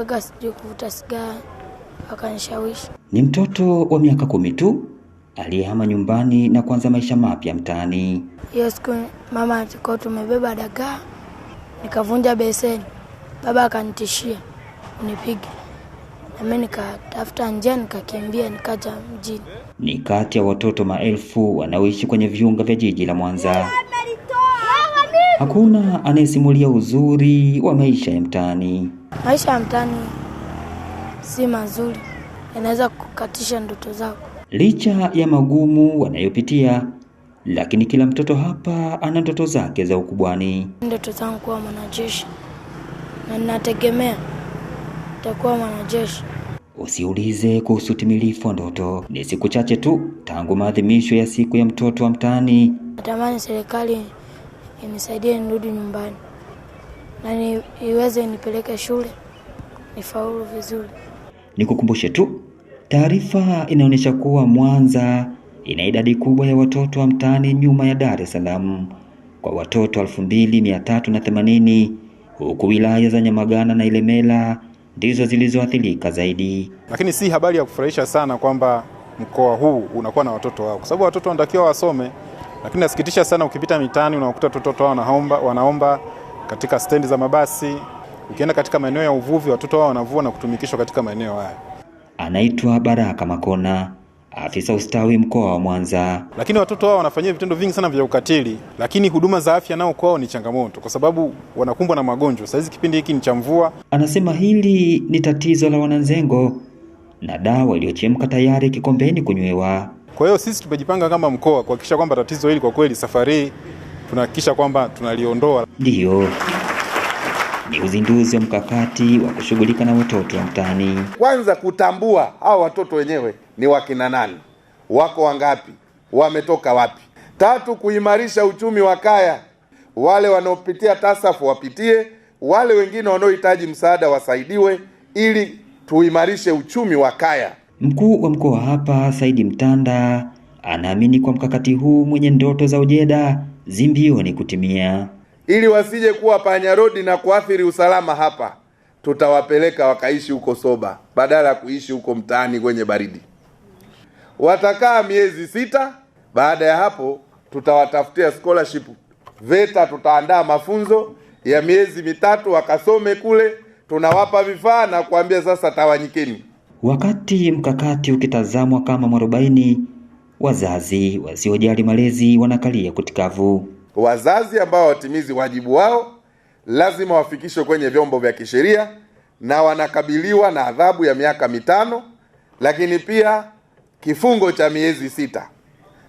kaka sijui kuvuta sigara akanishawishi. Ni mtoto wa miaka kumi tu aliyehama nyumbani na kuanza maisha mapya mtaani. Hiyo siku mama tulikuwa tumebeba dagaa, nikavunja beseni, baba akanitishia unipige na mimi nikatafuta njia nikakimbia nikaja mjini. Ni kati ya watoto maelfu wanaoishi kwenye viunga vya jiji la Mwanza. Hakuna anayesimulia uzuri wa maisha ya mtaani. Maisha ya mtaani si mazuri, yanaweza kukatisha ndoto zako. Licha ya magumu wanayopitia, lakini kila mtoto hapa ana ndoto zake za ukubwani. Ndoto zangu kuwa mwanajeshi na ninategemea nitakuwa mwanajeshi. Usiulize kuhusu timilifu wa ndoto. Ni siku chache tu tangu maadhimisho ya siku ya mtoto wa mtaani. Natamani serikali inisaidie nirudi nyumbani na ni, iweze nipeleke shule nifaulu vizuri. Nikukumbushe tu, taarifa inaonyesha kuwa Mwanza ina idadi kubwa ya watoto wa mtaani nyuma ya Dar es Salaam kwa watoto 2380 huku wilaya za Nyamagana na Ilemela ndizo zilizoathirika zaidi. Lakini si habari ya kufurahisha sana kwamba mkoa huu unakuwa na watoto wao, kwa sababu watoto wanatakiwa wasome, lakini nasikitisha sana ukipita mitaani unakuta watoto wao wanaomba, wanaomba katika stendi za mabasi, ukienda katika maeneo ya uvuvi, watoto wao wanavua na kutumikishwa katika maeneo hayo. Anaitwa Baraka Makona, afisa ustawi mkoa wa Mwanza. Lakini watoto wao wanafanyia vitendo vingi sana vya ukatili, lakini huduma za afya nao kwao ni changamoto, kwa sababu wanakumbwa na magonjwa. Saizi kipindi hiki ni cha mvua. Anasema hili ni tatizo la wananzengo na dawa iliyochemka tayari kikombeni kunywewa. Kwa hiyo sisi tumejipanga kama mkoa kuhakikisha kwamba tatizo hili kwa kweli safari tunahakikisha kwamba tunaliondoa. Ndiyo ni uzinduzi wa mkakati wa kushughulika na watoto wa mtaani, kwanza kutambua hao watoto wenyewe ni wakina nani, wako wangapi, wametoka wapi. Tatu, kuimarisha uchumi wa kaya, wale wanaopitia tasafu wapitie, wale wengine wanaohitaji msaada wasaidiwe, ili tuimarishe uchumi wa kaya. Mkuu wa mkoa hapa Saidi Mtanda anaamini kwa mkakati huu mwenye ndoto za Ujeda zimbioni kutimia, ili wasije kuwa panya rodi na kuathiri usalama hapa. Tutawapeleka wakaishi huko soba, badala ya kuishi huko mtaani kwenye baridi. Watakaa miezi sita. Baada ya hapo, tutawatafutia scholarship VETA. Tutaandaa mafunzo ya miezi mitatu, wakasome kule. Tunawapa vifaa na kuambia sasa, tawanyikeni. Wakati mkakati ukitazamwa kama mwarobaini Wazazi wasiojali malezi wanakalia kutikavu. Wazazi ambao watimizi wajibu wao lazima wafikishwe kwenye vyombo vya kisheria na wanakabiliwa na adhabu ya miaka mitano, lakini pia kifungo cha miezi sita.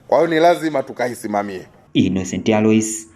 Kwa hiyo ni lazima tukaisimamie. Innocent Alois